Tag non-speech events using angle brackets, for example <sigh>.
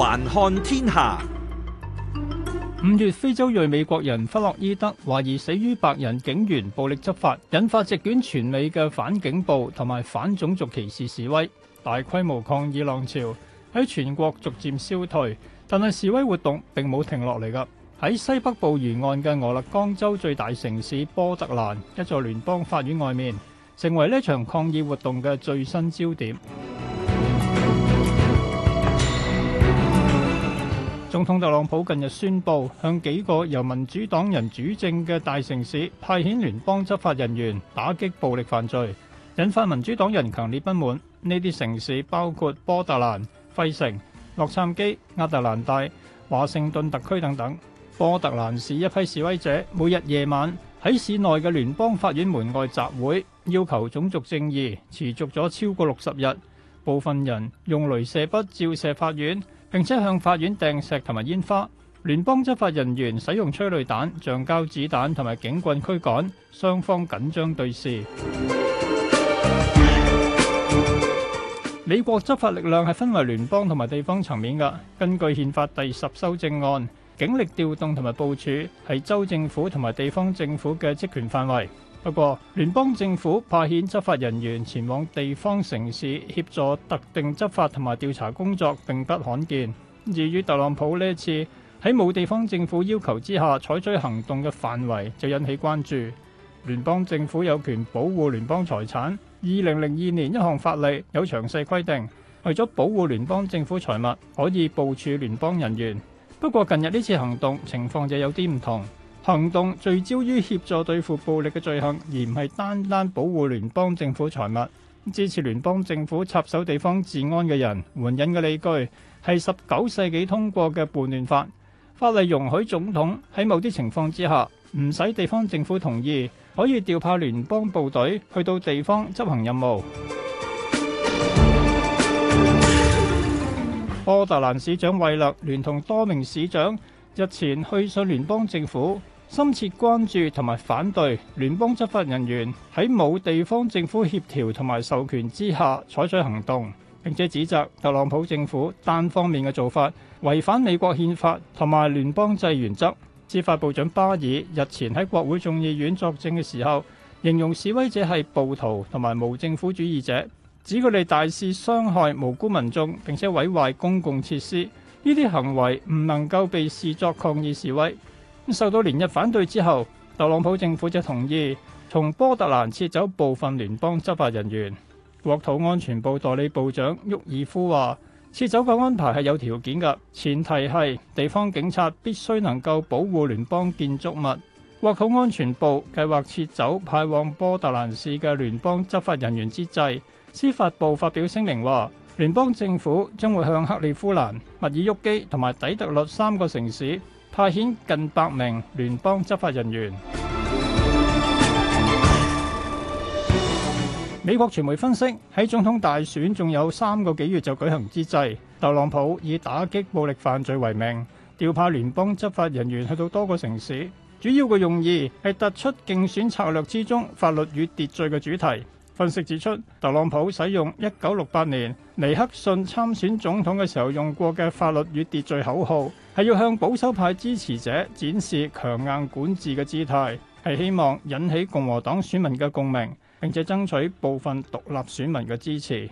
環看天下，五月非洲裔美國人弗洛伊德懷疑死於白人警員暴力執法，引發席捲全美嘅反警暴同埋反種族歧視示威，大規模抗議浪潮喺全國逐漸消退，但係示威活動並冇停落嚟噶。喺西北部沿岸嘅俄勒岡州最大城市波特蘭，一座聯邦法院外面，成為呢場抗議活動嘅最新焦點。總統特朗普近日宣布，向幾個由民主黨人主政嘅大城市派遣聯邦執法人員打擊暴力犯罪，引發民主黨人強烈不滿。呢啲城市包括波特蘭、費城、洛杉磯、亞特蘭大、華盛頓特區等等。波特蘭市一批示威者每日夜晚喺市內嘅聯邦法院門外集會，要求種族正義，持續咗超過六十日。部分人用鐳射筆照射法院。並且向法院掟石同埋煙花，聯邦執法人員使用催淚彈、橡膠子彈同埋警棍驅趕，雙方緊張對峙。美 <music> 國執法力量係分為聯邦同埋地方層面噶，根據憲法第十修正案，警力調動同埋部署係州政府同埋地方政府嘅職權範圍。不過，聯邦政府派遣執法人員前往地方城市協助特定執法同埋調查工作並不罕見。至於特朗普呢次喺冇地方政府要求之下採取行動嘅範圍，就引起關注。聯邦政府有權保護聯邦財產。二零零二年，一項法例有詳細規定，為咗保護聯邦政府財物，可以部署聯邦人員。不過，近日呢次行動情況就有啲唔同。行動聚焦於協助對付暴力嘅罪行，而唔係單單保護聯邦政府財物。支持聯邦政府插手地方治安嘅人援引嘅理據係十九世紀通過嘅叛亂法，法例容許總統喺某啲情況之下唔使地方政府同意，可以調派聯邦部隊去到地方執行任務。波特蘭市長惠勒聯同多名市長，日前，去信聯邦政府深切關注同埋反對聯邦執法人員喺冇地方政府協調同埋授權之下採取行動，並且指責特朗普政府單方面嘅做法違反美國憲法同埋聯邦制原則。司法部長巴爾日前喺國會眾議院作證嘅時候，形容示威者係暴徒同埋無政府主義者，指佢哋大肆傷害無辜民眾，並且毀壞公共設施。呢啲行為唔能夠被視作抗議示威。受到連日反對之後，特朗普政府就同意從波特蘭撤走部分聯邦執法人員。國土安全部代理部長沃爾夫話：撤走嘅安排係有條件㗎，前提係地方警察必須能夠保護聯邦建築物。國土安全部計劃撤走派往波特蘭市嘅聯邦執法人員之際，司法部發表聲明話。聯邦政府將會向克里夫蘭、密爾沃基同埋底特律三個城市派遣近百名聯邦執法人員。美國傳媒分析，喺總統大選仲有三個幾月就舉行之際，特朗普以打擊暴力犯罪為名，調派聯邦執法人員去到多個城市，主要嘅用意係突出競選策略之中法律與秩序嘅主題。分析指出，特朗普使用一九六八年尼克遜參選總統嘅時候用過嘅法律與秩序口號，係要向保守派支持者展示強硬管治嘅姿態，係希望引起共和黨選民嘅共鳴，並且爭取部分獨立選民嘅支持。